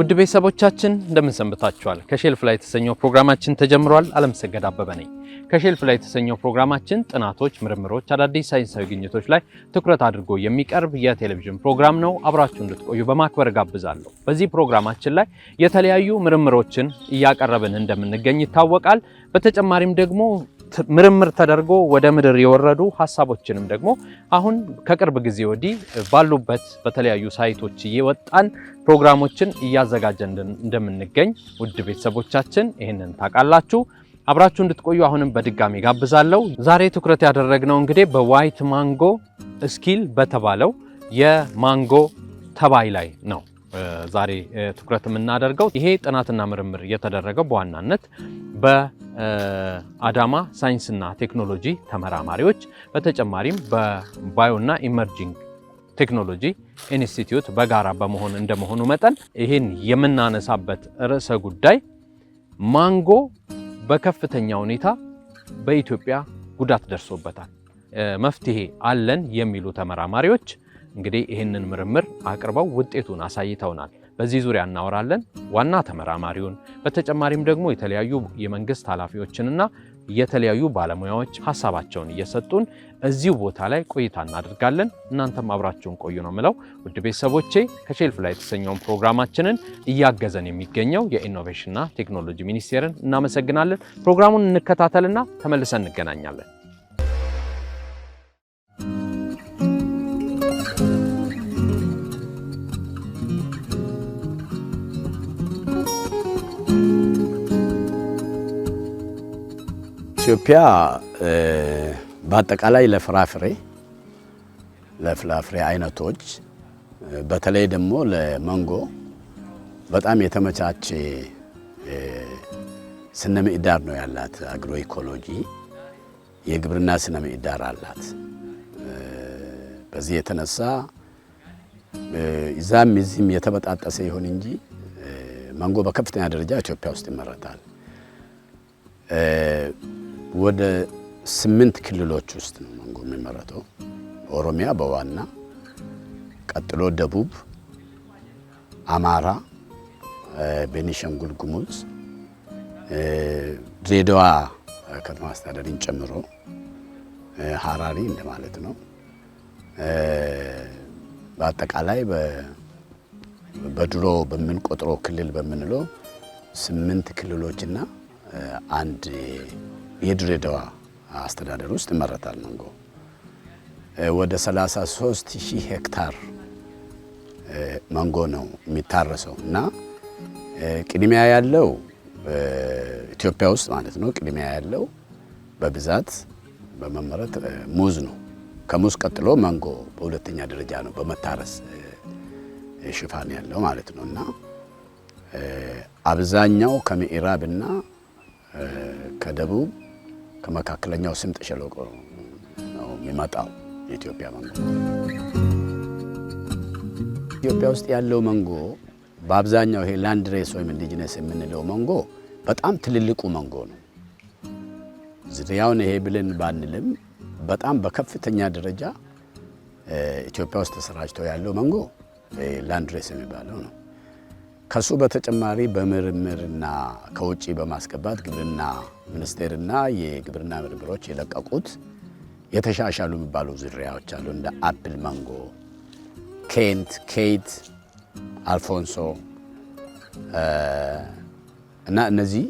ውድ ቤተሰቦቻችን እንደምን ሰንብታችኋል? ከሼልፍ ላይ የተሰኘው ፕሮግራማችን ተጀምሯል። አለምሰገድ አበበ ነኝ። ከሼልፍ ላይ የተሰኘው ፕሮግራማችን ጥናቶች፣ ምርምሮች፣ አዳዲስ ሳይንሳዊ ግኝቶች ላይ ትኩረት አድርጎ የሚቀርብ የቴሌቪዥን ፕሮግራም ነው። አብራችሁ እንድትቆዩ በማክበር ጋብዛለሁ። በዚህ ፕሮግራማችን ላይ የተለያዩ ምርምሮችን እያቀረብን እንደምንገኝ ይታወቃል። በተጨማሪም ደግሞ ምርምር ተደርጎ ወደ ምድር የወረዱ ሀሳቦችንም ደግሞ አሁን ከቅርብ ጊዜ ወዲህ ባሉበት በተለያዩ ሳይቶች እየወጣን ፕሮግራሞችን እያዘጋጀን እንደምንገኝ ውድ ቤተሰቦቻችን ይህንን ታውቃላችሁ። አብራችሁ እንድትቆዩ አሁንም በድጋሚ ጋብዛለሁ። ዛሬ ትኩረት ያደረግነው እንግዲህ በዋይት ማንጎ ስኪል በተባለው የማንጎ ተባይ ላይ ነው። ዛሬ ትኩረት የምናደርገው ይሄ ጥናትና ምርምር የተደረገው በዋናነት በ አዳማ ሳይንስና ቴክኖሎጂ ተመራማሪዎች በተጨማሪም በባዮና ኢመርጂንግ ቴክኖሎጂ ኢንስቲትዩት በጋራ በመሆን እንደመሆኑ መጠን ይህን የምናነሳበት ርዕሰ ጉዳይ ማንጎ በከፍተኛ ሁኔታ በኢትዮጵያ ጉዳት ደርሶበታል፣ መፍትሄ አለን የሚሉ ተመራማሪዎች እንግዲህ ይህንን ምርምር አቅርበው ውጤቱን አሳይተውናል። በዚህ ዙሪያ እናወራለን። ዋና ተመራማሪውን በተጨማሪም ደግሞ የተለያዩ የመንግስት ኃላፊዎችንና የተለያዩ ባለሙያዎች ሀሳባቸውን እየሰጡን እዚሁ ቦታ ላይ ቆይታ እናደርጋለን። እናንተም አብራችሁን ቆዩ ነው ምለው። ውድ ቤተሰቦቼ ከሼልፍ ላይ የተሰኘውን ፕሮግራማችንን እያገዘን የሚገኘው የኢኖቬሽንና ቴክኖሎጂ ሚኒስቴርን እናመሰግናለን። ፕሮግራሙን እንከታተልና ተመልሰን እንገናኛለን። ኢትዮጵያ በአጠቃላይ ለፍራፍሬ ለፍራፍሬ አይነቶች በተለይ ደግሞ ለመንጎ በጣም የተመቻቸ ስነ ምህዳር ነው ያላት። አግሮ ኢኮሎጂ የግብርና ስነ ምህዳር አላት። በዚህ የተነሳ እዛም እዚህም የተበጣጠሰ ይሁን እንጂ መንጎ በከፍተኛ ደረጃ ኢትዮጵያ ውስጥ ይመረታል። ወደ ስምንት ክልሎች ውስጥ ነው ማንጎ የሚመረተው። ኦሮሚያ በዋና ቀጥሎ ደቡብ፣ አማራ፣ ቤኒሻንጉል ጉሙዝ፣ ድሬዳዋ ከተማ አስተዳደሪን ጨምሮ ሀራሪ እንደማለት ነው። በአጠቃላይ በድሮ በምንቆጥሮ ክልል በምንለው ስምንት ክልሎችና አንድ የድሬዳዋ አስተዳደር ውስጥ ይመረታል። ማንጎ ወደ 33 ሺህ ሄክታር ማንጎ ነው የሚታረሰው እና ቅድሚያ ያለው ኢትዮጵያ ውስጥ ማለት ነው። ቅድሚያ ያለው በብዛት በመመረት ሙዝ ነው። ከሙዝ ቀጥሎ ማንጎ በሁለተኛ ደረጃ ነው በመታረስ ሽፋን ያለው ማለት ነው እና አብዛኛው እና ከደቡብ ከመካከለኛው ስምጥ ሸለቆ ነው የሚመጣው የኢትዮጵያ መንጎ። ኢትዮጵያ ውስጥ ያለው መንጎ በአብዛኛው ይሄ ላንድ ሬስ ወይም ኢንዲጂነስ የምንለው መንጎ በጣም ትልልቁ መንጎ ነው። ዝርያውን ይሄ ብለን ባንልም በጣም በከፍተኛ ደረጃ ኢትዮጵያ ውስጥ ተሰራጭቶ ያለው መንጎ ላንድ ሬስ የሚባለው ነው። ከሱ በተጨማሪ በምርምርና ከውጭ በማስገባት ግብርና ሚኒስቴርና የግብርና ምርምሮች የለቀቁት የተሻሻሉ የሚባሉ ዝርያዎች አሉ። እንደ አፕል፣ ማንጎ፣ ኬንት፣ ኬት፣ አልፎንሶ እና እነዚህ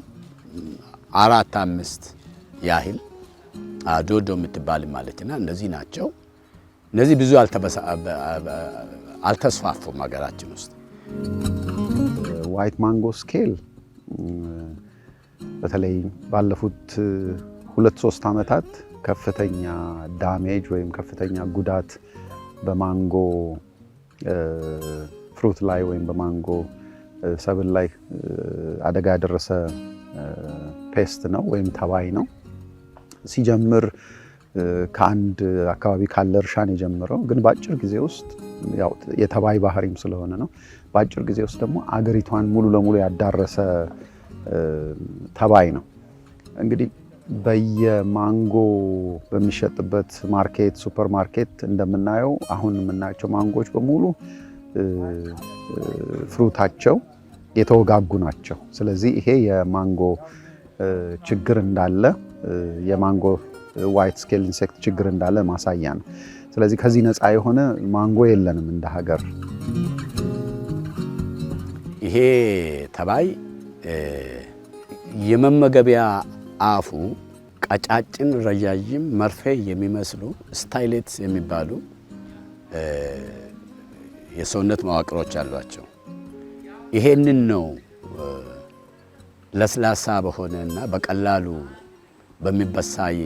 አራት አምስት ያህል ዶዶ የምትባል ና እነዚህ ናቸው። እነዚህ ብዙ አልተስፋፉም ሀገራችን ውስጥ ዋይት ማንጎ ስኬል በተለይ ባለፉት ሁለት ሶስት ዓመታት ከፍተኛ ዳሜጅ ወይም ከፍተኛ ጉዳት በማንጎ ፍሩት ላይ ወይም በማንጎ ሰብል ላይ አደጋ ያደረሰ ፔስት ነው ወይም ተባይ ነው። ሲጀምር ከአንድ አካባቢ ካለ እርሻ ነው የጀመረው። ግን በአጭር ጊዜ ውስጥ የተባይ ባህሪም ስለሆነ ነው። በአጭር ጊዜ ውስጥ ደግሞ አገሪቷን ሙሉ ለሙሉ ያዳረሰ ተባይ ነው። እንግዲህ በየማንጎ በሚሸጥበት ማርኬት፣ ሱፐር ማርኬት እንደምናየው አሁን የምናያቸው ማንጎዎች በሙሉ ፍሩታቸው የተወጋጉ ናቸው። ስለዚህ ይሄ የማንጎ ችግር እንዳለ የማንጎ ዋይት ስኬል ኢንሴክት ችግር እንዳለ ማሳያ ነው። ስለዚህ ከዚህ ነፃ የሆነ ማንጎ የለንም እንደ ሀገር። ይሄ ተባይ የመመገቢያ አፉ ቀጫጭን ረዣዥም መርፌ የሚመስሉ ስታይሌት የሚባሉ የሰውነት መዋቅሮች አሏቸው። ይሄንን ነው ለስላሳ በሆነ እና በቀላሉ በሚበሳይ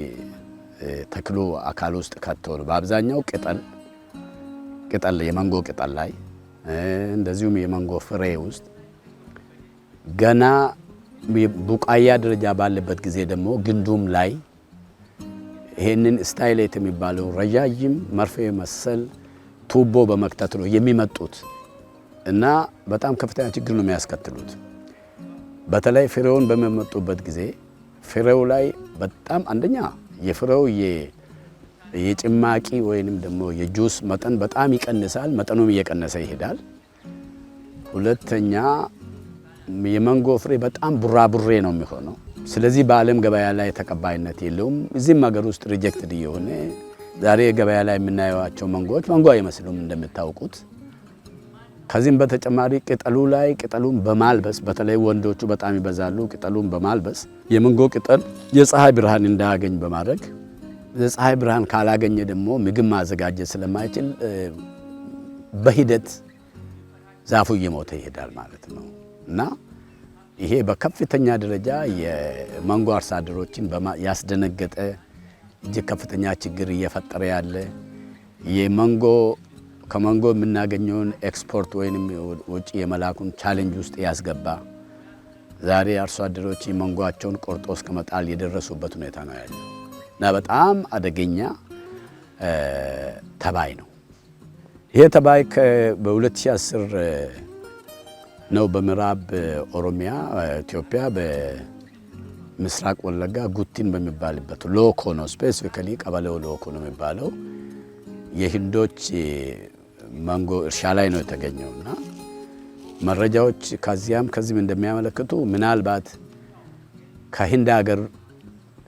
ተክሉ አካል ውስጥ ከተው በአብዛኛው ቅጠል ቅጠል የመንጎ ቅጠል ላይ እንደዚሁም የመንጎ ፍሬ ውስጥ ገና ቡቃያ ደረጃ ባለበት ጊዜ ደግሞ ግንዱም ላይ ይህንን ስታይሌት የሚባለው ረዣዥም መርፌ መሰል ቱቦ በመክተት ነው የሚመጡት እና በጣም ከፍተኛ ችግር ነው የሚያስከትሉት። በተለይ ፍሬውን በሚመጡበት ጊዜ ፍሬው ላይ በጣም አንደኛ የፍሬው የጭማቂ ወይንም ደግሞ የጁስ መጠን በጣም ይቀንሳል። መጠኑም እየቀነሰ ይሄዳል። ሁለተኛ የመንጎ ፍሬ በጣም ቡራቡሬ ነው የሚሆነው። ስለዚህ በዓለም ገበያ ላይ ተቀባይነት የለውም። እዚህም ሀገር ውስጥ ሪጀክትድ እየሆነ ዛሬ ገበያ ላይ የምናየዋቸው መንጎዎች መንጎ አይመስሉም እንደምታውቁት ከዚህም በተጨማሪ ቅጠሉ ላይ ቅጠሉን በማልበስ በተለይ ወንዶቹ በጣም ይበዛሉ። ቅጠሉን በማልበስ የመንጎ ቅጠል የፀሐይ ብርሃን እንዳያገኝ በማድረግ የፀሐይ ብርሃን ካላገኘ ደግሞ ምግብ ማዘጋጀት ስለማይችል በሂደት ዛፉ እየሞተ ይሄዳል ማለት ነው እና ይሄ በከፍተኛ ደረጃ የመንጎ አርሶ አደሮችን ያስደነገጠ እጅግ ከፍተኛ ችግር እየፈጠረ ያለ የመንጎ ከማንጎ የምናገኘውን ኤክስፖርት ወይም ወጪ የመላኩን ቻሌንጅ ውስጥ ያስገባ ዛሬ አርሶ አደሮች መንጓቸውን ቆርጦ እስከ መጣል የደረሱበት ሁኔታ ነው ያለ እና በጣም አደገኛ ተባይ ነው። ይሄ ተባይ በ2010 ነው በምዕራብ ኦሮሚያ ኢትዮጵያ በምስራቅ ወለጋ ጉቲን በሚባልበት ሎኮ ነው ስፔሲፊካሊ ቀበሌው ሎኮ ነው የሚባለው የህንዶች ማንጎ እርሻ ላይ ነው የተገኘው እና መረጃዎች ከዚያም ከዚህም እንደሚያመለክቱ ምናልባት ከህንድ ሀገር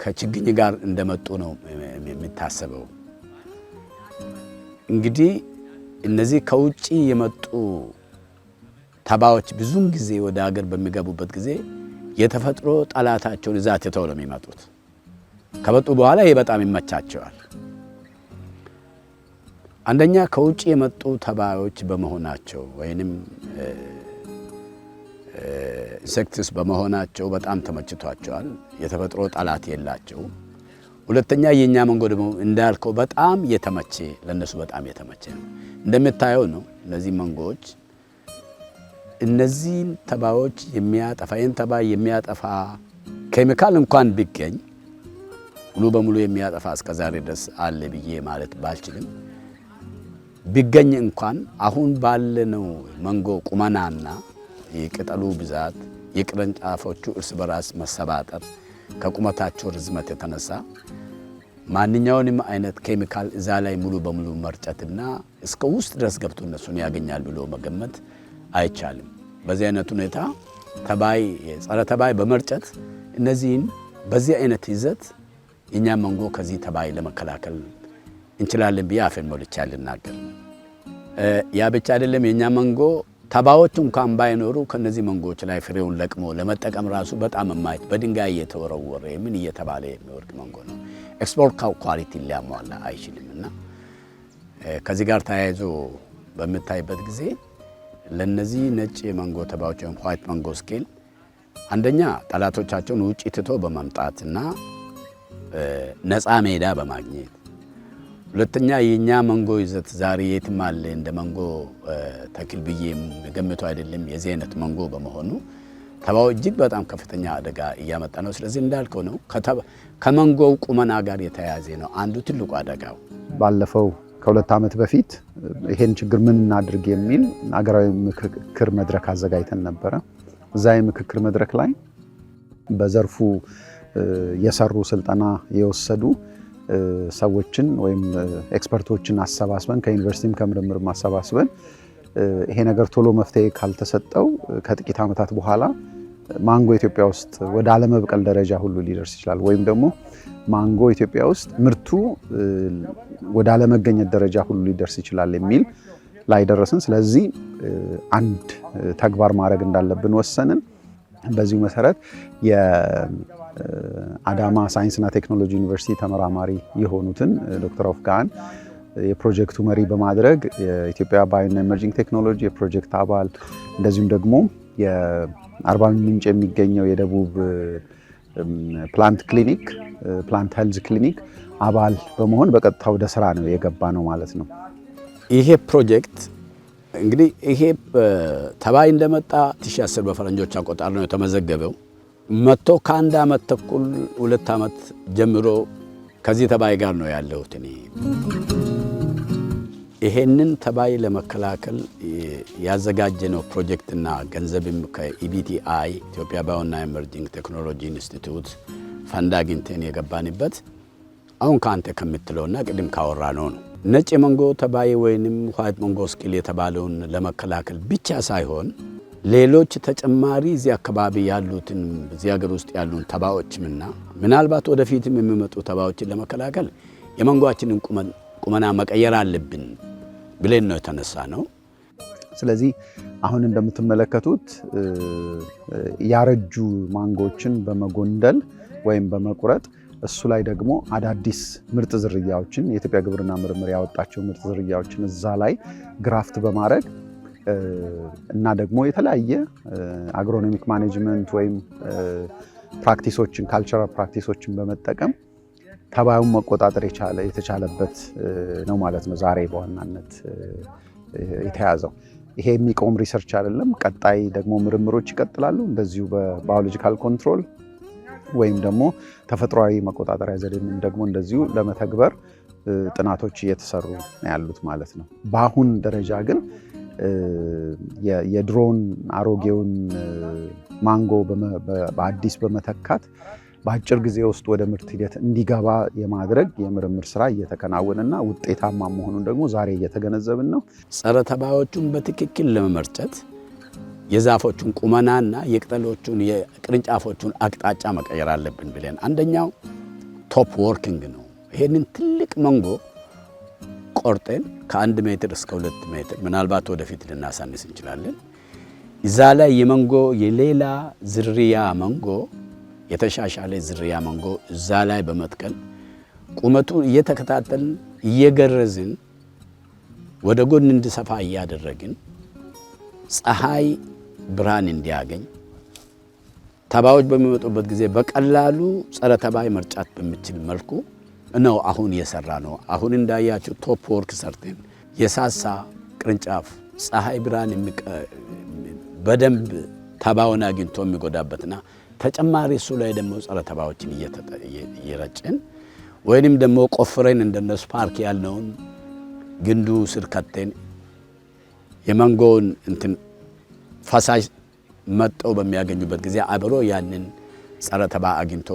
ከችግኝ ጋር እንደመጡ ነው የሚታሰበው። እንግዲህ እነዚህ ከውጭ የመጡ ተባዎች ብዙም ጊዜ ወደ ሀገር በሚገቡበት ጊዜ የተፈጥሮ ጠላታቸውን እዛ ትተው ነው የሚመጡት። ከመጡ በኋላ ይህ በጣም ይመቻቸዋል። አንደኛ ከውጭ የመጡ ተባዮች በመሆናቸው ወይንም ኢንሴክትስ በመሆናቸው በጣም ተመችቷቸዋል። የተፈጥሮ ጠላት የላቸው። ሁለተኛ የእኛ መንጎ ደግሞ እንዳልከው በጣም የተመቼ ለእነሱ በጣም የተመቼ ነው። እንደምታየው ነው እነዚህ መንጎዎች እነዚህን ተባዮች የሚያጠፋ ይህን ተባይ የሚያጠፋ ኬሚካል እንኳን ቢገኝ ሙሉ በሙሉ የሚያጠፋ እስከዛሬ ድረስ አለ ብዬ ማለት ባልችልም ቢገኝ እንኳን አሁን ባለነው መንጎ ቁመናና የቅጠሉ ብዛት የቅርንጫፎቹ እርስ በራስ መሰባጠር ከቁመታቸው ርዝመት የተነሳ ማንኛውንም አይነት ኬሚካል እዛ ላይ ሙሉ በሙሉ መርጨትና እስከ ውስጥ ድረስ ገብቶ እነሱን ያገኛል ብሎ መገመት አይቻልም። በዚህ አይነት ሁኔታ ተባይ ጸረ ተባይ በመርጨት እነዚህን በዚህ አይነት ይዘት እኛ መንጎ ከዚህ ተባይ ለመከላከል እንችላለን ብዬ አፌን ሞልቼ ልናገር ያ ብቻ አይደለም። የእኛ መንጎ ተባዎች እንኳን ባይኖሩ ከነዚህ መንጎዎች ላይ ፍሬውን ለቅሞ ለመጠቀም ራሱ በጣም የማይት በድንጋይ እየተወረወረ ምን እየተባለ የሚወርቅ መንጎ ነው። ኤክስፖርት ኳሊቲ ሊያሟላ አይችልም እና ከዚህ ጋር ተያይዞ በምታይበት ጊዜ ለነዚህ ነጭ መንጎ ተባዎች ወይም ኋይት መንጎ ስኬል አንደኛ ጠላቶቻቸውን ውጭ ትቶ በማምጣትና ነፃ ሜዳ በማግኘት ሁለተኛ የእኛ መንጎ ይዘት ዛሬ የትም አለ እንደ መንጎ ተክል ብዬ ገምቶ አይደለም የዚህ አይነት መንጎ በመሆኑ ተባው እጅግ በጣም ከፍተኛ አደጋ እያመጣ ነው። ስለዚህ እንዳልከው ነው፣ ከመንጎው ቁመና ጋር የተያያዘ ነው አንዱ ትልቁ አደጋው። ባለፈው ከሁለት ዓመት በፊት ይሄን ችግር ምን እናድርግ የሚል አገራዊ ምክክር መድረክ አዘጋጅተን ነበረ። እዛ የምክክር መድረክ ላይ በዘርፉ የሰሩ ስልጠና የወሰዱ ሰዎችን ወይም ኤክስፐርቶችን አሰባስበን ከዩኒቨርሲቲም ከምርምርም አሰባስበን ይሄ ነገር ቶሎ መፍትሄ ካልተሰጠው ከጥቂት ዓመታት በኋላ ማንጎ ኢትዮጵያ ውስጥ ወደ አለመብቀል ደረጃ ሁሉ ሊደርስ ይችላል። ወይም ደግሞ ማንጎ ኢትዮጵያ ውስጥ ምርቱ ወደ አለመገኘት ደረጃ ሁሉ ሊደርስ ይችላል የሚል ላይ ደረስን። ስለዚህ አንድ ተግባር ማድረግ እንዳለብን ወሰንን። በዚሁ መሰረት አዳማ ሳይንስና ቴክኖሎጂ ዩኒቨርሲቲ ተመራማሪ የሆኑትን ዶክተር ኦፍጋን የፕሮጀክቱ መሪ በማድረግ የኢትዮጵያ ባዮና ኢመርጂንግ ቴክኖሎጂ የፕሮጀክት አባል እንደዚሁም ደግሞ የአርባ ምንጭ የሚገኘው የደቡብ ፕላንት ክሊኒክ ፕላንት ሄልዝ ክሊኒክ አባል በመሆን በቀጥታ ወደ ስራ ነው የገባ ነው ማለት ነው። ይሄ ፕሮጀክት እንግዲህ ይሄ ተባይ እንደመጣ 2010 በፈረንጆች አቆጣጠር ነው የተመዘገበው። መጥቶ ከአንድ ዓመት ተኩል ሁለት ዓመት ጀምሮ ከዚህ ተባይ ጋር ነው ያለሁት እኔ። ይሄንን ተባይ ለመከላከል ያዘጋጀነው ፕሮጀክትና ገንዘብም ከኢቢቲአይ ኢትዮጵያ ባዮና ኤመርጂንግ ቴክኖሎጂ ኢንስቲትዩት ፈንድ አግኝተን የገባንበት አሁን ከአንተ ከምትለውና ቅድም ካወራ ነው ነው ነጭ መንጎ ተባይ ወይንም ኋይት መንጎ ስኪል የተባለውን ለመከላከል ብቻ ሳይሆን ሌሎች ተጨማሪ እዚህ አካባቢ ያሉትን እዚህ ሀገር ውስጥ ያሉን ተባዎችምና ምናልባት ወደፊትም የሚመጡ ተባዎችን ለመከላከል የመንጓችንን ቁመና መቀየር አለብን ብለን ነው የተነሳ ነው። ስለዚህ አሁን እንደምትመለከቱት ያረጁ ማንጎችን በመጎንደል ወይም በመቁረጥ እሱ ላይ ደግሞ አዳዲስ ምርጥ ዝርያዎችን የኢትዮጵያ ግብርና ምርምር ያወጣቸው ምርጥ ዝርያዎችን እዛ ላይ ግራፍት በማድረግ እና ደግሞ የተለያየ አግሮኖሚክ ማኔጅመንት ወይም ፕራክቲሶችን ካልቸራል ፕራክቲሶችን በመጠቀም ተባዩን መቆጣጠር የተቻለበት ነው ማለት ነው። ዛሬ በዋናነት የተያዘው ይሄ የሚቆም ሪሰርች አይደለም። ቀጣይ ደግሞ ምርምሮች ይቀጥላሉ። እንደዚሁ በባዮሎጂካል ኮንትሮል ወይም ደግሞ ተፈጥሯዊ መቆጣጠሪያ ዘዴንም ደግሞ እንደዚሁ ለመተግበር ጥናቶች እየተሰሩ ያሉት ማለት ነው። በአሁን ደረጃ ግን የድሮን አሮጌውን ማንጎ በአዲስ በመተካት በአጭር ጊዜ ውስጥ ወደ ምርት ሂደት እንዲገባ የማድረግ የምርምር ስራ እየተከናወነና ውጤታማ መሆኑን ደግሞ ዛሬ እየተገነዘብን ነው። ጸረ ተባዮቹን በትክክል ለመመርጨት የዛፎቹን ቁመናና የቅጠሎቹን የቅርንጫፎቹን አቅጣጫ መቀየር አለብን ብለን አንደኛው ቶፕ ወርኪንግ ነው። ይሄንን ትልቅ መንጎ ቆርጠን ከአንድ ሜትር እስከ ሁለት ሜትር ምናልባት ወደፊት ልናሳንስ እንችላለን። እዛ ላይ የመንጎ የሌላ ዝርያ መንጎ የተሻሻለ ዝርያ መንጎ እዛ ላይ በመትከል ቁመቱን እየተከታተልን እየገረዝን ወደ ጎን እንዲሰፋ እያደረግን ፀሐይ ብርሃን እንዲያገኝ ተባዮች በሚመጡበት ጊዜ በቀላሉ ጸረ ተባይ መርጫት በሚችል መልኩ ነው አሁን የሰራ ነው። አሁን እንዳያችሁ ቶፕ ወርክ ሰርተን የሳሳ ቅርንጫፍ ፀሐይ ብርሃን በደንብ ተባውን አግኝቶ የሚጎዳበትና ተጨማሪ እሱ ላይ ደግሞ ጸረ ተባዎችን እየረጭን ወይንም ደግሞ ቆፍረን እንደነሱ ፓርክ ያልነውን ግንዱ ስር ከተን የመንጎውን እንትን ፈሳሽ መጠው በሚያገኙበት ጊዜ አብሮ ያንን ጸረ ተባ አግኝቶ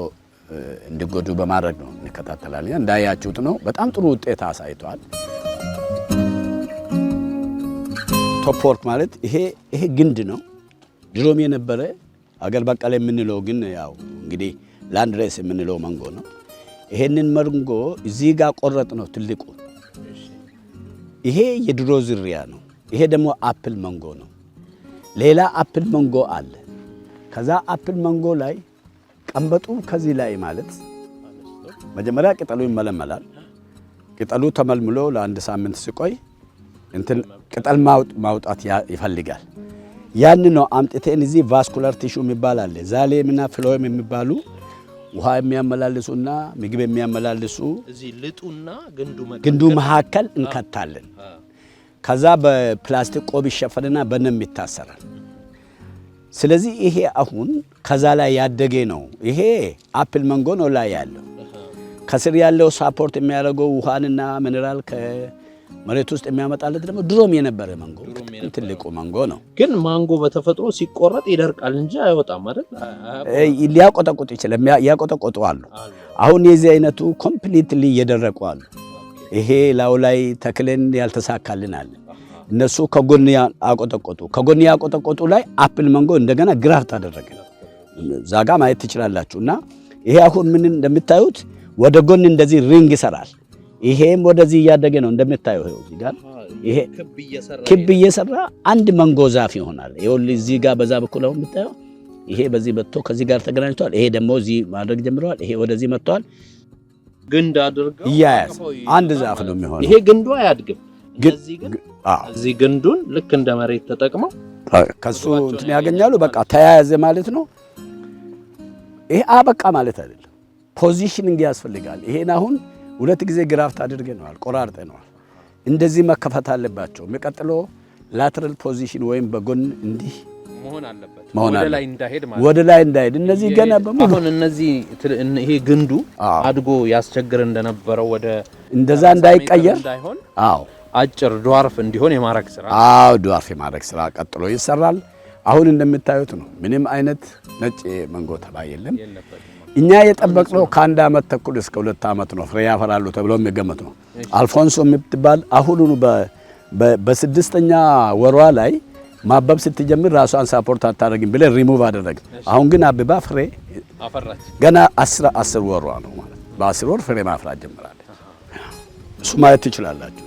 እንዲጎዱ በማድረግ ነው እንከታተላለን። እንዳያችሁት ነው በጣም ጥሩ ውጤት አሳይቷል። ቶፕ ወርክ ማለት ይሄ ይሄ ግንድ ነው። ድሮም የነበረ አገር በቀል የምንለው ግን ያው እንግዲህ ላንድ ሬስ የምንለው መንጎ ነው። ይሄንን መንጎ እዚህ ጋር ቆረጥ ነው ትልቁ። ይሄ የድሮ ዝርያ ነው። ይሄ ደግሞ አፕል መንጎ ነው። ሌላ አፕል መንጎ አለ። ከዛ አፕል መንጎ ላይ ቀንበጡ ከዚህ ላይ ማለት መጀመሪያ ቅጠሉ ይመለመላል። ቅጠሉ ተመልምሎ ለአንድ ሳምንት ሲቆይ እንትን ቅጠል ማውጣት ይፈልጋል። ያን ነው አምጥቴን እዚህ ቫስኩላር ቲሹ የሚባል አለ። ዛሌምና ፍሎይም የሚባሉ ውሃ የሚያመላልሱና ምግብ የሚያመላልሱ ልጡና ግንዱ መካከል እንከታለን። ከዛ በፕላስቲክ ቆብ ይሸፈንና በነም ይታሰራል። ስለዚህ ይሄ አሁን ከዛ ላይ ያደገ ነው። ይሄ አፕል መንጎ ነው ላይ ያለው። ከስር ያለው ሳፖርት የሚያደርገው ውሃንና ሚኔራል ከመሬት ውስጥ የሚያመጣለት ደግሞ ድሮም የነበረ መንጎ ትልቁ መንጎ ነው። ግን ማንጎ በተፈጥሮ ሲቆረጥ ይደርቃል እንጂ አይወጣም አይደል? ሊያቆጠቁጥ ይችላል። ያቆጠቆጡ አሉ። አሁን የዚህ አይነቱ ኮምፕሊትሊ እየደረቁ አሉ። ይሄ ላዩ ላይ ተክለን ያልተሳካልን አለ እነሱ ከጎን አቆጠቆጡ። ከጎን ያቆጠቆጡ ላይ አፕል መንጎ እንደገና ግራፍት አደረገ። ዛጋ ማየት ትችላላችሁ። እና ይሄ አሁን ምን እንደምታዩት ወደ ጎን እንደዚህ ሪንግ ይሰራል። ይሄም ወደዚህ እያደገ ነው እንደምታዩ ጋር ይሄ ክብ እየሰራ አንድ መንጎ ዛፍ ይሆናል። ይኸውልህ እዚህ ጋር በዛ በኩል አሁን የምታየው ይሄ በዚህ መጥቶ ከዚህ ጋር ተገናኝቷል። ይሄ ደግሞ እዚህ ማድረግ ጀምረዋል። ይሄ ወደዚህ መጥቷል። ግንድ አድርገው እያያዝ አንድ ዛፍ ነው የሚሆነው። ይሄ ግንዱ አያድግም እዚህ ግንዱን ልክ እንደ መሬት ተጠቅመው ከሱ እንትን ያገኛሉ። በቃ ተያያዘ ማለት ነው። ይሄ አበቃ ማለት አይደለም። ፖዚሽኒንግ ያስፈልጋል። ይሄን አሁን ሁለት ጊዜ ግራፍት አድርገነዋል፣ ቆራርጠነዋል። እንደዚህ መከፈት አለባቸው። የሚቀጥለው ላትራል ፖዚሽን ወይም በጎን እንዲህ መሆን አለበት፣ ወደ ላይ እንዳይሄድ። እነዚህ ገና በመሆን እነዚህ ይሄ ግንዱ አድጎ ያስቸግር እንደነበረው ወደ እንደዛ እንዳይቀየር። አዎ አጭር ድዋርፍ እንዲሆን የማድረግ ስራ አዎ፣ ድዋርፍ የማድረግ ስራ ቀጥሎ ይሰራል። አሁን እንደምታዩት ነው። ምንም አይነት ነጭ መንጎ ተባ የለም። እኛ የጠበቅነው ከአንድ አመት ተኩል እስከ ሁለት አመት ነው ፍሬ ያፈራሉ ተብሎ የሚገመት ነው። አልፎንሶ የምትባል አሁኑኑ በስድስተኛ ወሯ ላይ ማበብ ስትጀምር ራሷን ሳፖርት አታደርግም ብለን ሪሙቭ አደረግ። አሁን ግን አብባ ፍሬ ገና አስር ወሯ ነው ማለት በአስር ወር ፍሬ ማፍራት ጀምራለች። እሱ ማየት ትችላላችሁ።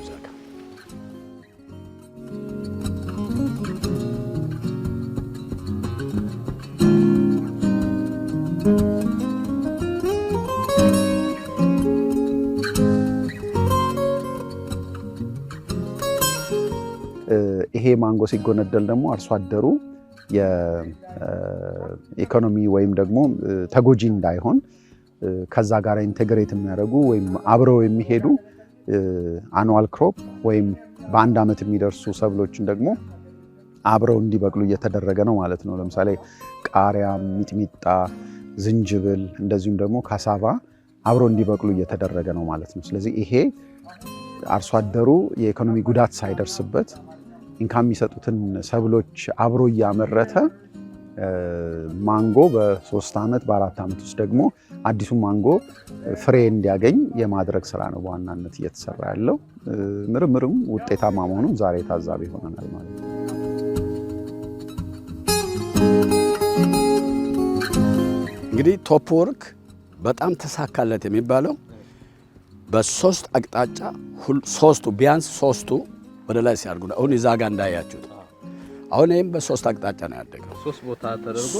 ይሄ ማንጎ ሲጎነደል ደግሞ አርሶ አደሩ የኢኮኖሚ ወይም ደግሞ ተጎጂ እንዳይሆን ከዛ ጋር ኢንቴግሬት የሚያደርጉ ወይም አብረው የሚሄዱ አኑዋል ክሮፕ ወይም በአንድ ዓመት የሚደርሱ ሰብሎችን ደግሞ አብረው እንዲበቅሉ እየተደረገ ነው ማለት ነው። ለምሳሌ ቃሪያ፣ ሚጥሚጣ፣ ዝንጅብል እንደዚሁም ደግሞ ካሳቫ አብረው እንዲበቅሉ እየተደረገ ነው ማለት ነው። ስለዚህ ይሄ አርሶ አደሩ የኢኮኖሚ ጉዳት ሳይደርስበት ኢንካም የሚሰጡትን ሰብሎች አብሮ እያመረተ ማንጎ በሶስት ዓመት በአራት ዓመት ውስጥ ደግሞ አዲሱ ማንጎ ፍሬ እንዲያገኝ የማድረግ ስራ ነው በዋናነት እየተሰራ ያለው። ምርምርም ውጤታማ መሆኑም ዛሬ ታዛቢ ሆነናል ማለት ነው። እንግዲህ ቶፕ ወርክ በጣም ተሳካለት የሚባለው በሶስት አቅጣጫ ሶስቱ ቢያንስ ሶስቱ ወደ ላይ ሲያድጉ አሁን እዛ ጋር እንዳያችሁት አሁን ይህም በሶስት አቅጣጫ ነው ያደገው። ሶስት ቦታ ተደርጎ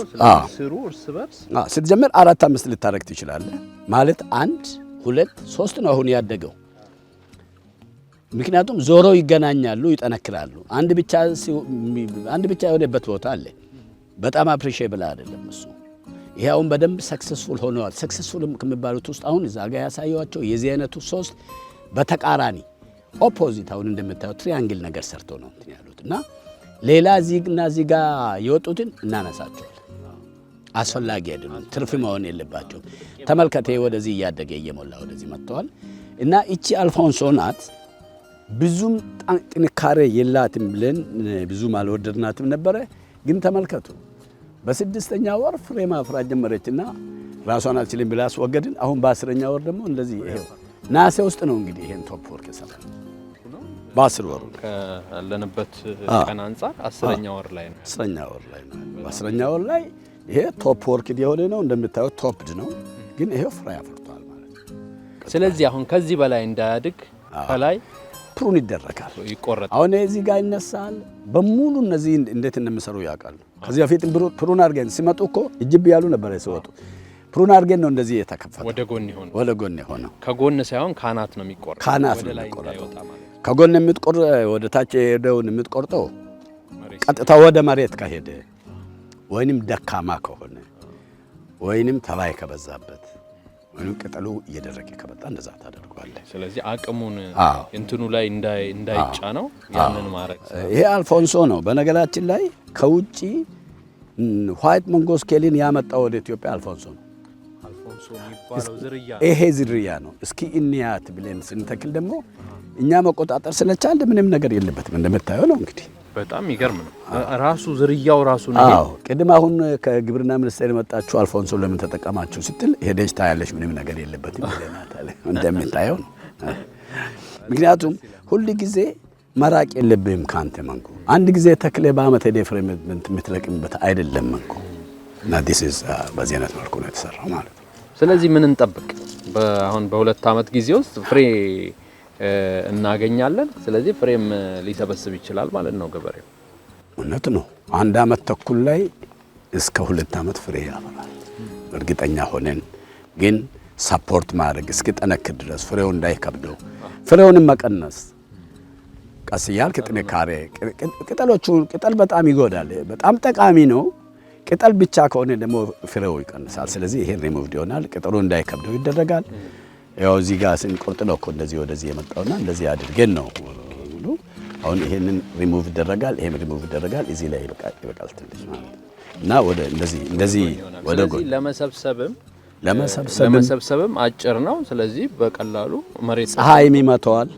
ስሩ እርስ በርስ ስትጀምር አራት አምስት ልታረግ ትችላለህ ማለት አንድ ሁለት ሶስት ነው አሁን ያደገው። ምክንያቱም ዞሮ ይገናኛሉ፣ ይጠነክራሉ። አንድ ብቻ አንድ ብቻ የሆነበት ቦታ አለ። በጣም አፕሪሼ አይደለም እሱ። ይሄ አሁን በደንብ ሰክሰስፉል ሆነዋል። ሰክሰስፉል ከሚባሉት ውስጥ አሁን እዛ ጋር ያሳየዋቸው የዚህ አይነቱ ሶስት በተቃራኒ ኦፖዚት አሁን እንደምታየው ትሪያንግል ነገር ሰርቶ ነው እንትን ያሉት እና ሌላ ዚግና ዚጋ የወጡትን እናነሳቸዋል። አስፈላጊ አይደሉም። ትርፍ መሆን የለባቸውም። ተመልከቴ ወደዚህ እያደገ እየሞላ ወደዚህ መጥተዋል እና እቺ አልፎንሶ ናት። ብዙም ጥንካሬ የላትም ብለን ብዙም አልወደድናትም ነበረ። ግን ተመልከቱ በስድስተኛ ወር ፍሬ ማፍራት ጀመረችና ራሷን አልችልም ብላ አስወገድን። አሁን በአስረኛ ወር ደግሞ እንደዚህ ይሄው ነሐሴ ውስጥ ነው እንግዲህ ይሄን ቶፕ ወርክ የሰራ በአስር ወሩ ካለንበት ቀን አንጻር አስረኛ ወር ላይ ነው። አስረኛ ወር ላይ ነው። በአስረኛ ወር ላይ ይሄ ቶፕ ወርክ የሆነ ነው እንደምታዩት፣ ቶፕድ ነው ግን ይሄ ፍሬ አፍርቷል ማለት ነው። ስለዚህ አሁን ከዚህ በላይ እንዳያድግ ከላይ ፕሩን ይደረጋል፣ ይቆረጣል። አሁን እዚህ ጋር ይነሳል በሙሉ እነዚህ እንዴት እንደሚሰሩ ያውቃሉ። ከዚህ በፊት ፕሩን አድርገን ሲመጡ እኮ እጅብ ያሉ ነበረ ሲወጡ ፕሩን አድርገን ነው እንደዚህ የተከፈተው። ወደ ጎን ይሆን ወደ ጎን ይሆነ ከጎን ሳይሆን ካናት ነው የሚቆረጥ ካናት ነው የሚቆረጥ ከጎን የምትቆር ወደ ታች የሄደውን የምትቆርጠው ቀጥታ ወደ መሬት ከሄደ ወይንም ደካማ ከሆነ ወይንም ተባይ ከበዛበት ወይንም ቅጠሉ እየደረቀ ከመጣ እንደዛ ታደርገዋለህ። ስለዚህ አቅሙን እንትኑ ላይ እንዳይጫ ነው ያንን ማድረግ። ይሄ አልፎንሶ ነው በነገራችን ላይ ከውጭ ዋይት መንጎ ስኬልን ያመጣው ወደ ኢትዮጵያ አልፎንሶ ነው። ይሄ ዝርያ ነው። እስኪ እንያት ብለን ስንተክል ደግሞ እኛ መቆጣጠር ስለቻል ምንም ነገር የለበትም። እንደምታየው ነው እንግዲህ በጣም ይገርም ነው። ራሱ ዝርያው ራሱ ነው። ቅድም አሁን ከግብርና ሚኒስቴር የመጣችሁ አልፎንሶ ለምን ተጠቀማችሁ ስትል ሄደች ታያለች። ምንም ነገር የለበትም እንደምታየው ነው። ምክንያቱም ሁል ጊዜ መራቅ የለብህም ከአንተ መንጎ። አንድ ጊዜ ተክለ በአመት ሄደ ፍሬ የምትለቅምበት አይደለም መንጎ እና ዲስ uh, በዚህ አይነት መልኩ ነው የተሰራው ማለት ነው። ስለዚህ ምን እንጠብቅ? አሁን በሁለት አመት ጊዜ ውስጥ ፍሬ እናገኛለን። ስለዚህ ፍሬም ሊሰበስብ ይችላል ማለት ነው ገበሬው። እውነት ነው። አንድ አመት ተኩል ላይ እስከ ሁለት አመት ፍሬ ያፈራል። እርግጠኛ ሆነን ግን ሰፖርት ማድረግ እስኪጠነክር ድረስ ፍሬው እንዳይከብደው ፍሬውንም መቀነስ ቀስ እያልክ ጥንካሬ ቅጠል በጣም ይጎዳል። በጣም ጠቃሚ ነው። ቅጠል ብቻ ከሆነ ደግሞ ፍሬው ይቀንሳል። ስለዚህ ይሄ ሪሙቭድ ይሆናል። ቅጠሉ እንዳይከብደው ይደረጋል። ያው እዚህ ጋር ስንቆርጥ ነው እኮ እንደዚህ ወደዚህ የመጣውና እንደዚህ አድርገን ነው ሙሉ። አሁን ይሄንን ሪሙቭ ይደረጋል፣ ይሄም ሪሙቭ ይደረጋል። እዚህ ላይ ይበቃል ትንሽ ማለት እና ወደ እንደዚህ እንደዚህ ወደ ጎን ለመሰብሰብም ለመሰብሰብም አጭር ነው። ስለዚህ በቀላሉ መሬት ፀሐይም ይመታዋል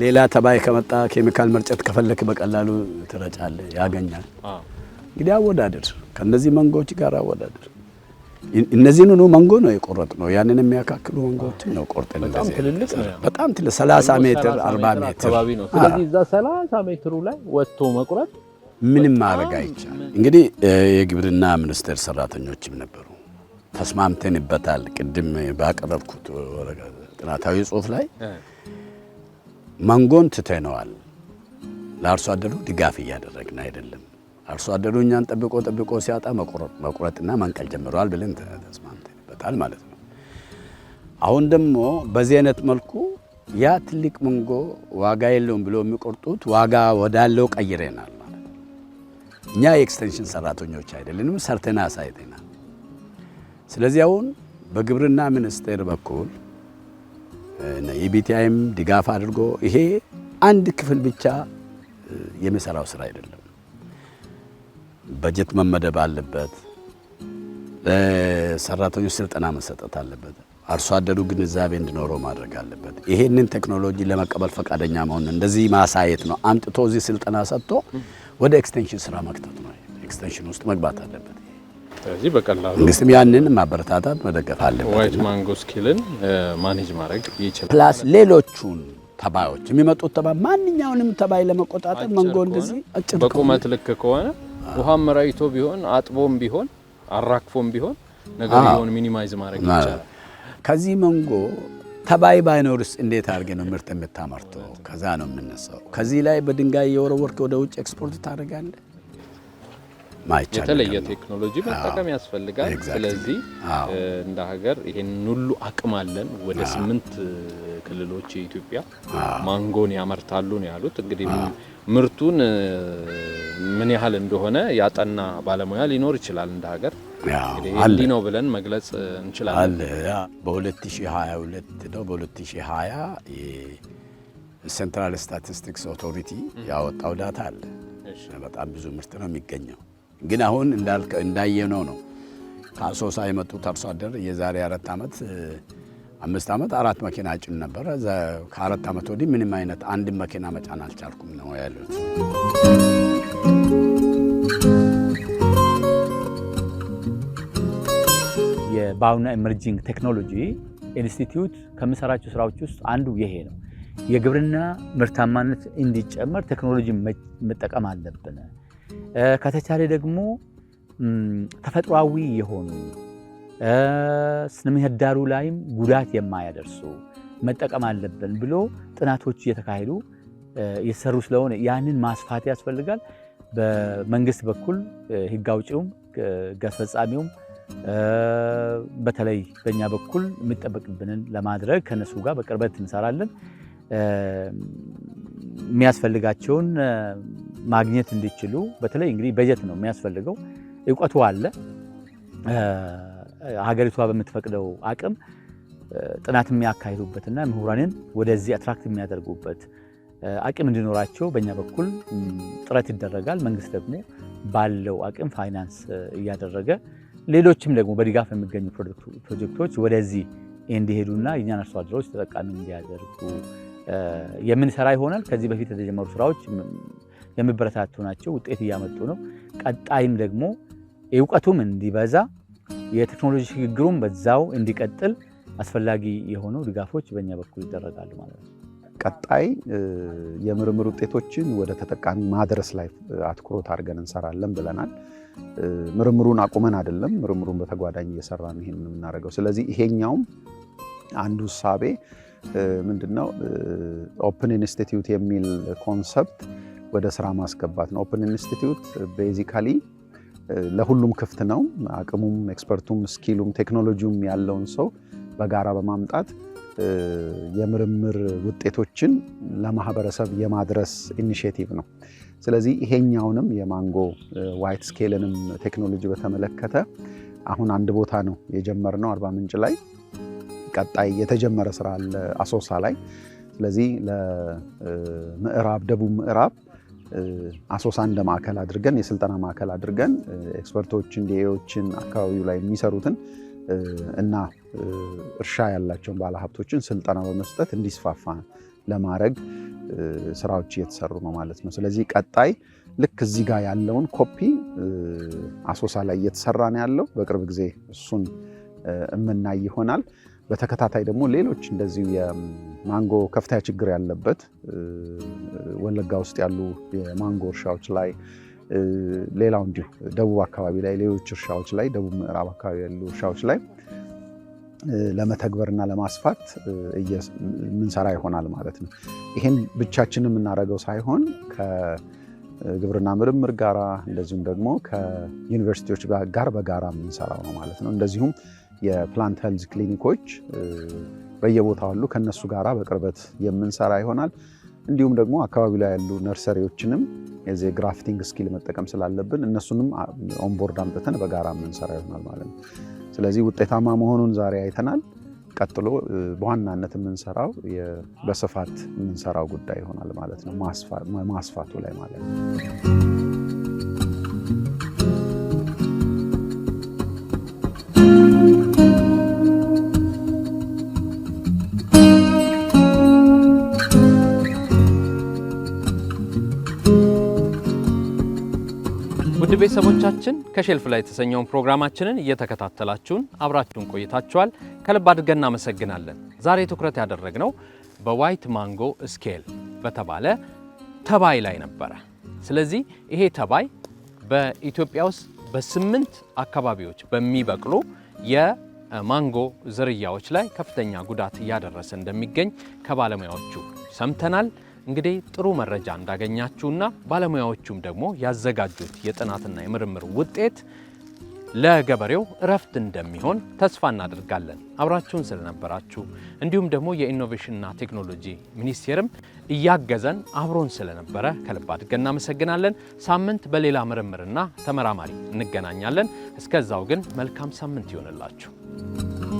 ሌላ ተባይ ከመጣ ኬሚካል መርጨት ከፈለክ በቀላሉ ትረጫለ ያገኛል። እንግዲህ አወዳደር ከነዚህ መንጎች ጋር አወዳደር። እነዚህን ሁሉ መንጎ ነው የቆረጥ ነው ያንን የሚያካክሉ መንጎዎችን ነው ቆርጠን በጣም ትልልቅ ነው። በጣም ትልቅ 30 ሜትር 40 ሜትር አካባቢ ነው። ስለዚህ እዛ 30 ሜትሩ ላይ ወጥቶ መቁረጥ ምንም ማድረግ አይቻል። እንግዲህ የግብርና ሚኒስቴር ሰራተኞችም ነበሩ ተስማምተንበታል። ቅድም ባቀረብኩት ጥናታዊ ጽሁፍ ላይ ማንጎን ትተነዋል። ለአርሶ አደሩ ድጋፍ እያደረግን አይደለም። አርሶ አደሩ እኛን ጠብቆ ጠብቆ ሲያጣ መቁረጥና መንቀል ጀምረዋል ብለን ተስማምተንበታል ማለት ነው። አሁን ደግሞ በዚህ አይነት መልኩ ያ ትልቅ መንጎ ዋጋ የለውም ብሎ የሚቆርጡት ዋጋ ወዳለው ቀይረናል ማለት ነው። እኛ የኤክስቴንሽን ሰራተኞች አይደለንም፣ ሰርተና ሳይተናል። ስለዚህ አሁን በግብርና ሚኒስቴር በኩል የቢቲአይም e ድጋፍ አድርጎ ይሄ አንድ ክፍል ብቻ የሚሰራው ስራ አይደለም። በጀት መመደብ አለበት። ለሰራተኞች ስልጠና መሰጠት አለበት። አርሶ አደሩ ግንዛቤ እንዲኖረው ማድረግ አለበት። ይሄንን ቴክኖሎጂ ለመቀበል ፈቃደኛ መሆን እንደዚህ ማሳየት ነው። አምጥቶ እዚህ ስልጠና ሰጥቶ ወደ ኤክስቴንሽን ስራ መክተት ነው። ኤክስቴንሽን ውስጥ መግባት አለበት። ስለዚህ በቀላሉ መንግስትም ያንን ማበረታታት መደገፍ አለበት። ዋይት ማንጎ ስኪልን ማኔጅ ማድረግ ይችላል። ፕላስ ሌሎቹን ተባዮች የሚመጡት ተባይ ማንኛውንም ተባይ ለመቆጣጠር መንጎ እንደዚህ አጭር በቁመት ልክ ከሆነ ውሃ መራይቶ ቢሆን አጥቦም ቢሆን አራክፎም ቢሆን ነገር ቢሆን ሚኒማይዝ ማድረግ ይቻላል። ከዚህ መንጎ ተባይ ባይኖርስ እንዴት አድርገህ ነው ምርት የምታመርተው? ከዛ ነው የምነሳው። ከዚህ ላይ በድንጋይ የወረወርክ ወደ ውጭ ኤክስፖርት ታደርጋለህ። የተለየ ቴክኖሎጂ መጠቀም ያስፈልጋል። ስለዚህ እንደ ሀገር ይሄን ሁሉ አቅም አለን። ወደ ስምንት ክልሎች የኢትዮጵያ ማንጎን ያመርታሉ ነው ያሉት። እንግዲህ ምርቱን ምን ያህል እንደሆነ ያጠና ባለሙያ ሊኖር ይችላል። እንደ ሀገር እንዲህ ነው ብለን መግለጽ እንችላለን። በ2022 ነው በ2020 ሴንትራል ስታቲስቲክስ ኦቶሪቲ ያወጣው ዳታ አለ። በጣም ብዙ ምርት ነው የሚገኘው ግን አሁን እንዳየነው ነው። ከአሶሳ የመጡት አርሶ አደር የዛሬ አራት ዓመት አምስት ዓመት አራት መኪና ጭን ነበረ። ከአራት ዓመት ወዲህ ምንም አይነት አንድ መኪና መጫን አልቻልኩም ነው ያሉት። የባዮና ኢመርጂንግ ቴክኖሎጂ ኢንስቲትዩት ከምሰራቸው ስራዎች ውስጥ አንዱ ይሄ ነው። የግብርና ምርታማነት እንዲጨመር ቴክኖሎጂ መጠቀም አለብን። ከተቻለ ደግሞ ተፈጥሯዊ የሆኑ ስነ ምህዳሩ ላይም ጉዳት የማያደርሱ መጠቀም አለብን ብሎ ጥናቶች እየተካሄዱ እየተሰሩ ስለሆነ ያንን ማስፋት ያስፈልጋል። በመንግስት በኩል ህግ አውጪውም ህግ አስፈጻሚውም በተለይ በእኛ በኩል የሚጠበቅብንን ለማድረግ ከነሱ ጋር በቅርበት እንሰራለን። የሚያስፈልጋቸውን ማግኘት እንዲችሉ በተለይ እንግዲህ በጀት ነው የሚያስፈልገው። እውቀቱ አለ። ሀገሪቷ በምትፈቅደው አቅም ጥናት የሚያካሂዱበትና ምሁራንን ወደዚህ አትራክት የሚያደርጉበት አቅም እንዲኖራቸው በእኛ በኩል ጥረት ይደረጋል። መንግስት ደግሞ ባለው አቅም ፋይናንስ እያደረገ ሌሎችም ደግሞ በድጋፍ የሚገኙ ፕሮጀክቶች ወደዚህ እንዲሄዱና የእኛን አርሶ አደሮች ተጠቃሚ እንዲያደርጉ የምንሰራ ይሆናል። ከዚህ በፊት የተጀመሩ ስራዎች የሚበረታቱ ናቸው። ውጤት እያመጡ ነው። ቀጣይም ደግሞ እውቀቱም እንዲበዛ የቴክኖሎጂ ሽግግሩም በዛው እንዲቀጥል አስፈላጊ የሆኑ ድጋፎች በእኛ በኩል ይደረጋሉ ማለት ነው። ቀጣይ የምርምር ውጤቶችን ወደ ተጠቃሚ ማድረስ ላይ አትኩሮት አድርገን እንሰራለን ብለናል። ምርምሩን አቁመን አይደለም፣ ምርምሩን በተጓዳኝ እየሰራን ይሄን የምናደርገው። ስለዚህ ይሄኛውም አንዱ እሳቤ ምንድነው ኦፕን ኢንስቲትዩት የሚል ኮንሰፕት ወደ ስራ ማስገባት ነው። ኦፕን ኢንስቲትዩት ቤዚካሊ ለሁሉም ክፍት ነው። አቅሙም፣ ኤክስፐርቱም፣ ስኪሉም ቴክኖሎጂውም ያለውን ሰው በጋራ በማምጣት የምርምር ውጤቶችን ለማህበረሰብ የማድረስ ኢኒሽቲቭ ነው። ስለዚህ ይሄኛውንም የማንጎ ዋይት ስኬልንም ቴክኖሎጂ በተመለከተ አሁን አንድ ቦታ ነው የጀመርነው አርባ ምንጭ ላይ፣ ቀጣይ የተጀመረ ስራ አለ አሶሳ ላይ። ስለዚህ ለምዕራብ ደቡብ ምዕራብ አሶሳ እንደ ማዕከል አድርገን የስልጠና ማዕከል አድርገን ኤክስፐርቶችን ዲኤዎችን አካባቢው ላይ የሚሰሩትን እና እርሻ ያላቸውን ባለሀብቶችን ስልጠና በመስጠት እንዲስፋፋ ለማድረግ ስራዎች እየተሰሩ ነው ማለት ነው። ስለዚህ ቀጣይ ልክ እዚህ ጋር ያለውን ኮፒ አሶሳ ላይ እየተሰራ ነው ያለው። በቅርብ ጊዜ እሱን የምናይ ይሆናል። በተከታታይ ደግሞ ሌሎች እንደዚሁ የማንጎ ከፍተኛ ችግር ያለበት ወለጋ ውስጥ ያሉ የማንጎ እርሻዎች ላይ ሌላው እንዲሁ ደቡብ አካባቢ ላይ ሌሎች እርሻዎች ላይ ደቡብ ምዕራብ አካባቢ ያሉ እርሻዎች ላይ ለመተግበርና ለማስፋት ምንሰራ ይሆናል ማለት ነው። ይህን ብቻችን የምናደርገው ሳይሆን ከግብርና ምርምር ጋራ እንደዚሁም ደግሞ ከዩኒቨርሲቲዎች ጋር በጋራ የምንሰራው ነው ማለት ነው። እንደዚሁም የፕላንት ሄልዝ ክሊኒኮች በየቦታው አሉ። ከነሱ ጋራ በቅርበት የምንሰራ ይሆናል። እንዲሁም ደግሞ አካባቢ ላይ ያሉ ነርሰሪዎችንም የዚህ ግራፍቲንግ ስኪል መጠቀም ስላለብን እነሱንም ኦንቦርድ አምጥተን በጋራ የምንሰራ ይሆናል ማለት ነው። ስለዚህ ውጤታማ መሆኑን ዛሬ አይተናል። ቀጥሎ በዋናነት የምንሰራው በስፋት የምንሰራው ጉዳይ ይሆናል ማለት ነው፣ ማስፋቱ ላይ ማለት ነው። ውድ ቤተሰቦቻችን ከሼልፍ ላይ የተሰኘውን ፕሮግራማችንን እየተከታተላችሁን አብራችሁን ቆይታችኋል። ከልብ አድርገን እናመሰግናለን። ዛሬ ትኩረት ያደረግነው በዋይት ማንጎ ስኬል በተባለ ተባይ ላይ ነበረ። ስለዚህ ይሄ ተባይ በኢትዮጵያ ውስጥ በስምንት አካባቢዎች በሚበቅሉ የማንጎ ዝርያዎች ላይ ከፍተኛ ጉዳት እያደረሰ እንደሚገኝ ከባለሙያዎቹ ሰምተናል። እንግዲህ ጥሩ መረጃ እንዳገኛችሁና ባለሙያዎቹም ደግሞ ያዘጋጁት የጥናትና የምርምር ውጤት ለገበሬው እረፍት እንደሚሆን ተስፋ እናደርጋለን። አብራችሁን ስለነበራችሁ እንዲሁም ደግሞ የኢኖቬሽንና ቴክኖሎጂ ሚኒስቴርም እያገዘን አብሮን ስለነበረ ከልብ አድርገን እናመሰግናለን። ሳምንት በሌላ ምርምርና ተመራማሪ እንገናኛለን። እስከዛው ግን መልካም ሳምንት ይሆንላችሁ።